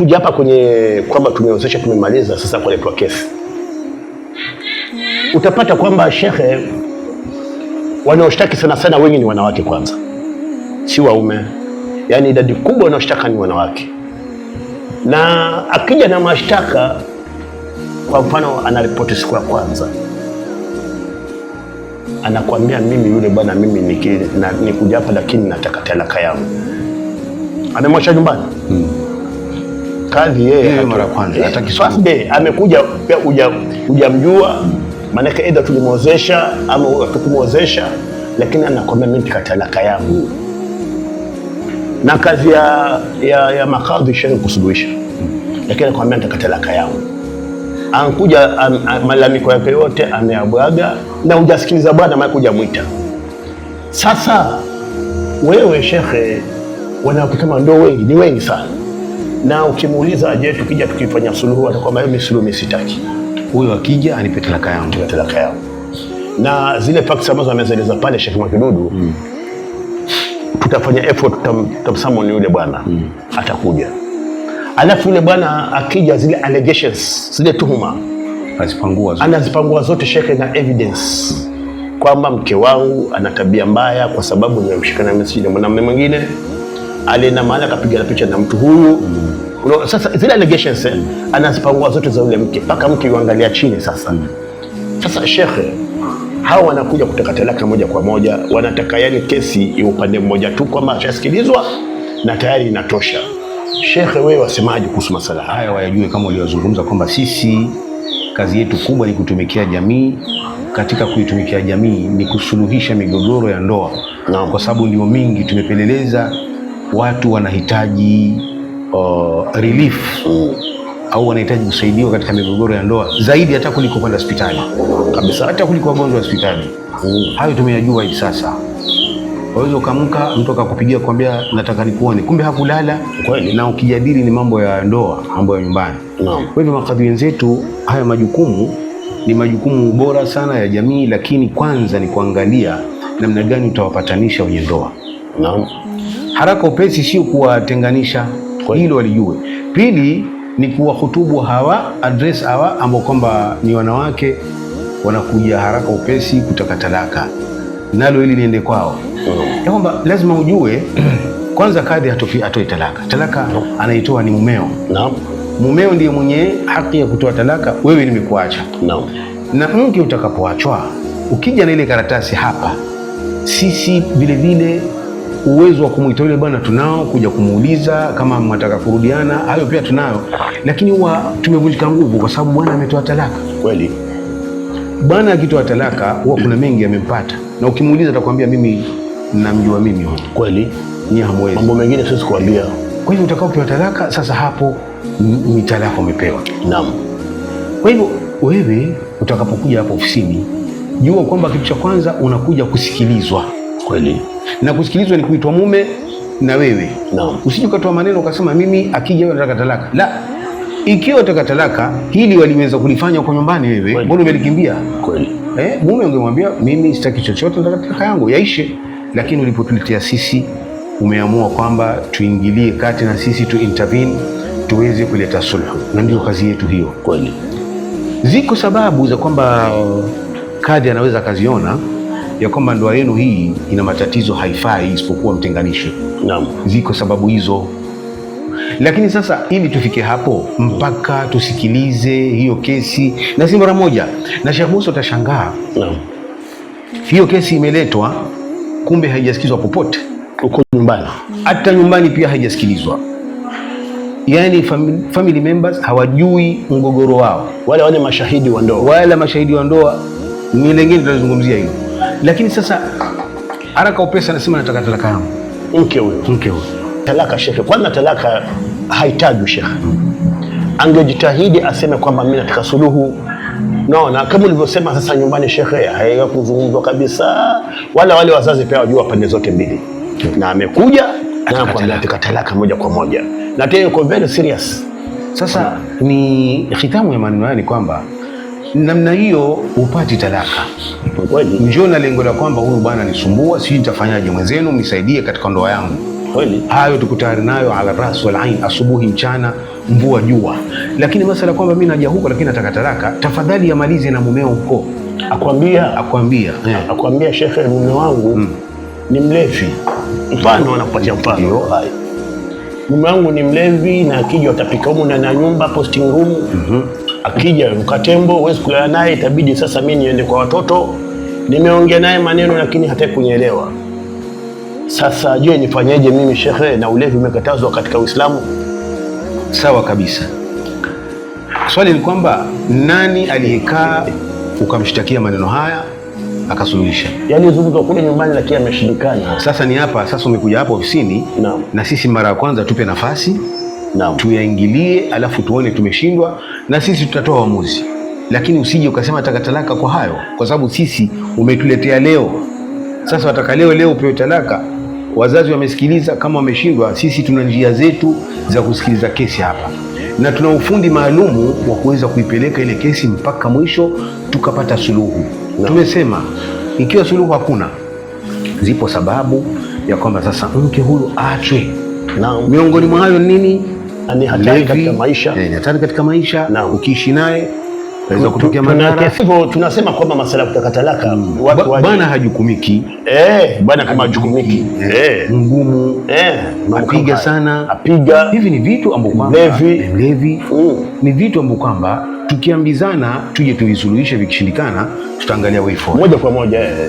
tuje hapa kwenye kwamba tumeozesha tumemaliza, sasa kuletwa kesi, utapata kwamba shekhe, wanaoshtaki sana sana wengi ni wanawake kwanza, si waume. Yaani idadi kubwa wanaoshtaka ni wanawake, na akija na mashtaka, kwa mfano anaripoti siku ya kwanza anakuambia mimi yule bwana mimi nikuja hapa lakini nataka talaka yangu, amemwacha nyumbani hmm kazi yeye mara kwanza hataki eh, first day amekuja hujamjua, maanake aidha tulimwozesha ama hatukumwozesha, lakini ana commitment katika talaka yangu, na kazi ya, ya, ya makadhi shehe kusuluhisha, lakini anakwambia nitakata talaka yangu. Ankuja am, am, malalamiko yake yote ameabwaga na hujasikiliza bwana, maana mwita Sasa wewe shekhe, wanawake kama ndo wengi, ni wengi sana na ukimuuliza, je, tukija tukifanya suluhu, atakwambia mimi suluhu mimi sitaki, huyo akija anipe talaka yangu, talaka yangu. Na zile facts ambazo amezeleza pale Sheikh Mwakidudu mm. tutafanya effort, tutamsamon yule bwana mm. atakuja, alafu yule bwana akija, zile allegations, zile tuhuma anazipangua zote, anazipangua zote shekhe, na evidence mm kwamba mke wangu ana tabia mbaya kwa sababu nimemshika na msiji na mwanamume mwingine, alienda mahali akapiga picha na mtu huyu mm. Unaona, sasa zile allegations mm. anazipangua zote za yule mke mpaka mke yuangalia chini. Sasa sasa shekhe, hawa wanakuja kutaka talaka moja kwa moja, wanataka yani kesi ya upande mmoja tu kwamba ashasikilizwa na tayari inatosha. Shekhe, wewe wasemaje kuhusu masala haya? Wayajue kama uliozungumza kwamba sisi kazi yetu kubwa ni kutumikia jamii. Katika kuitumikia jamii ni kusuluhisha migogoro ya ndoa no. Kwa sababu ndio mingi tumepeleleza, watu wanahitaji uh, relief au wanahitaji kusaidiwa katika migogoro ya ndoa zaidi hata kuliko kwenda hospitali kabisa, hata kuliko wagonjwa wa hospitali. Uh, hayo tumeyajua hivi sasa. Waweza ukamka mtu akakupigia kuambia nataka nikuone, kumbe hakulala kweli, na ukijadili ni mambo ya ndoa, mambo ya nyumbani. Kwa hivyo makadhi wenzetu, haya majukumu ni majukumu bora sana ya jamii, lakini kwanza ni kuangalia namna gani utawapatanisha wenye ndoa. Naam, haraka upesi sio kuwatenganisha hilo walijue. Pili ni kuwahutubu hawa address hawa ambao kwamba ni wanawake wanakuja haraka upesi kutaka talaka, nalo hili liende kwao mm. ya kwamba lazima ujue kwanza, kadhi hatoi talaka. Talaka no. Mm. anaitoa ni mumeo no. Mumeo ndiye mwenye haki ya kutoa talaka, wewe nimekuacha no. na mke utakapoachwa, ukija na ile karatasi hapa, sisi vilevile uwezo wa kumwita yule bwana tunao, kuja kumuuliza kama mnataka kurudiana, hayo pia tunayo, lakini huwa tumevunjika nguvu kwa sababu bwana ametoa talaka. Kweli bwana akitoa talaka huwa kuna mengi yamempata, na ukimuuliza atakwambia mimi namjua mimi huyo. Kweli ni hamwezi, mambo mengine siwezi kuambia. Kwa hivyo utakaopewa talaka sasa, hapo ni talaka umepewa. Naam. Kwa hivyo wewe utakapokuja hapo ofisini jua kwamba kitu cha kwanza unakuja kusikilizwa. Kweli. Na kusikilizwa ni kuitwa mume na wewe. no. Usije ukatoa maneno ukasema mimi akija wewe nataka talaka. La. Ikiwa unataka talaka hili waliweza kulifanya kwa nyumbani wewe, mbona umelikimbia? Kweli. Eh, mume ungemwambia mimi sitaki chochote nataka talaka yangu yaishe. Lakini ulipotuletea sisi umeamua kwamba tuingilie kati na sisi tu intervene tuweze kuleta sulhu na ndio kazi yetu hiyo. Kweli. Ziko sababu za kwamba uh, kadhi anaweza akaziona ya kwamba ndoa yenu hii ina matatizo, haifai isipokuwa mtenganishe. Naam, ziko sababu hizo, lakini sasa ili tufike hapo mpaka tusikilize hiyo kesi, na si mara moja. Na Sheikh Musa utashangaa, naam, hiyo kesi imeletwa, kumbe haijasikizwa popote uko nyumbani, hata nyumbani pia haijasikilizwa. Yani family, family members hawajui mgogoro wao, wale wale mashahidi wa ndoa, wale mashahidi wa ndoa ni lengine tutazungumzia hilo lakini sasa haraka upesi anasema nataka talaka yangu. Mke huyo mke huyo talaka, shekhe. Kwanza talaka haitajwi shekhe. Angejitahidi aseme kwamba mimi nataka suluhu Naona kama ulivyosema sasa, nyumbani shekhe, kuzungumzwa kabisa, wala wale wazazi pia wajua pande zote mbili, na amekuja katika talaka moja kwa moja, na tena yuko very serious. Sasa ni hitamu ya maneno haya ni kwamba namna hiyo hupati talaka. Njoo na lengo la kwamba huyu bwana nisumbua, sijui nitafanyaje, mwenzenu mnisaidie katika ndoa yangu. Kweli. Hayo tukutane nayo, ala ras wal ain, asubuhi, mchana, mvua, jua. Lakini masala kwamba mimi naja huko, lakini nataka talaka, tafadhali yamalize na mumeo huko. Akwambia, akwambia, yeah. Akwambia shekhe, mume wangu mm. ni mlevi. Mfano anakupatia mfano mume wangu ni mlevi na akija atapika humu na na nyumba posting room mm -hmm. Akija mkatembo huwezi kulala naye, itabidi sasa mimi niende kwa watoto. Nimeongea naye maneno, lakini hataki kunielewa. Sasa je, nifanyeje mimi shekhe? Na ulevi umekatazwa katika Uislamu. Sawa kabisa. Swali ni kwamba nani aliyekaa ukamshtakia maneno haya akasuluhisha? Yaani zungumzo kule nyumbani, lakini ameshindikana. Sasa ni hapa sasa, umekuja hapa ofisini na, na sisi mara ya kwanza tupe nafasi Naam. Tuyaingilie alafu tuone tumeshindwa, na sisi tutatoa uamuzi, lakini usije ukasema takatalaka kwa hayo, kwa sababu sisi umetuletea leo. Sasa wataka leo leo upewe talaka. Wazazi wamesikiliza, kama wameshindwa, sisi tuna njia zetu za kusikiliza kesi hapa, na tuna ufundi maalumu wa kuweza kuipeleka ile kesi mpaka mwisho tukapata suluhu. Tumesema ikiwa suluhu hakuna, zipo sababu ya kwamba sasa mke huyu aachwe. Miongoni mwa hayo nini? ni hatari katika maisha, eh, ni hatari katika maisha na ukiishi naye hivyo tunasema kwamba masala kutaka hmm. talaka bwana hajukumiki, eh, bwana kama hajukumiki, eh, eh. ngumu eh, apiga sana, apiga hivi. Ni vitu ambavyo kwamba mlevi, eh, hmm. ni vitu ambavyo kwamba tukiambizana tuje tuvisuluhishe, vikishindikana tutaangalia way forward moja kwa moja. eh.